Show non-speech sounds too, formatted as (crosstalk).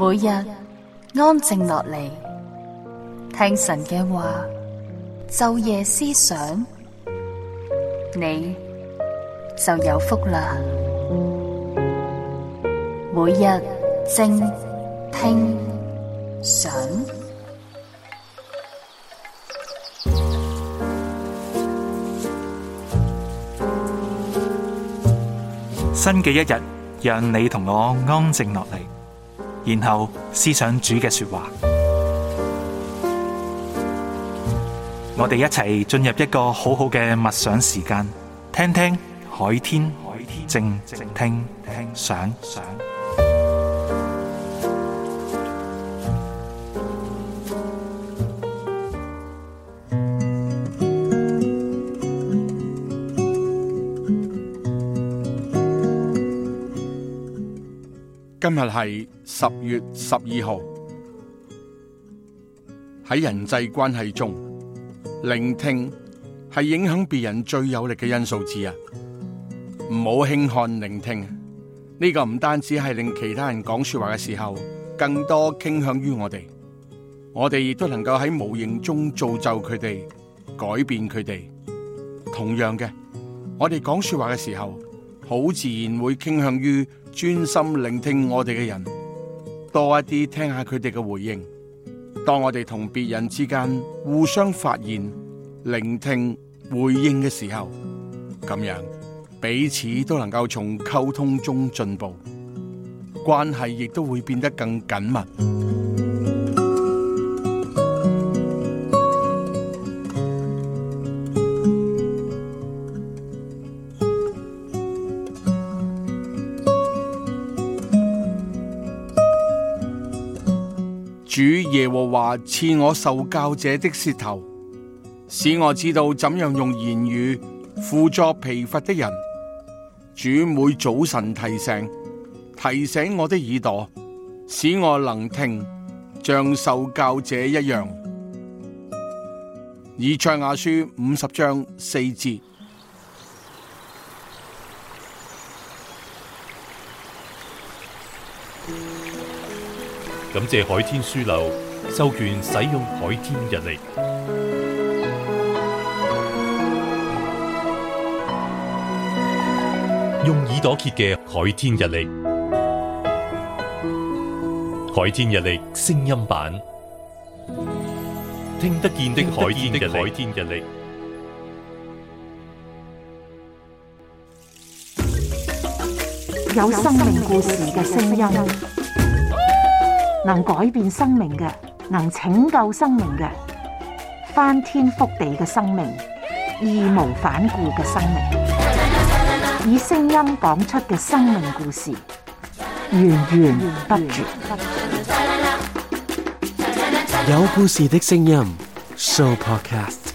每日安靜落嚟，聽神嘅話，晝夜思想，你就有福啦。每日靜聽想，新嘅一日，讓你同我安靜落嚟。然後思想主嘅說話，嗯、我哋一齊進入一個好好嘅默想時間，聽聽海天，靜靜聽想想。今日係十月十二號，喺人際關係中，聆聽係影響別人最有力嘅因素之一。唔好輕看聆聽，呢個唔單止係令其他人講說話嘅時候，更多傾向於我哋，我哋亦都能夠喺無形中造就佢哋，改變佢哋。同樣嘅，我哋講說話嘅時候，好自然會傾向於。專心聆聽我哋嘅人，多一啲聽下佢哋嘅回應。當我哋同別人之間互相發現、聆聽、回應嘅時候，咁樣彼此都能夠從溝通中進步，關係亦都會變得更緊密。主耶和華賜我受教者的舌頭，使我知道怎樣用言語輔助疲乏的人。主每早晨提醒，提醒我的耳朵，使我能聽，像受教者一樣。以賽亞書五十章四節。 (noise) 感謝海天書樓授權使用海天日曆，用耳朵揭嘅海天日曆，海天日曆聲音版，聽得見的海天嘅海天日曆，有生命故事嘅聲音。能改變生命嘅，能拯救生命嘅，翻天覆地嘅生命，義無反顧嘅生命，以聲音講出嘅生命故事，源源不絕。有故事的聲音，Show Podcast。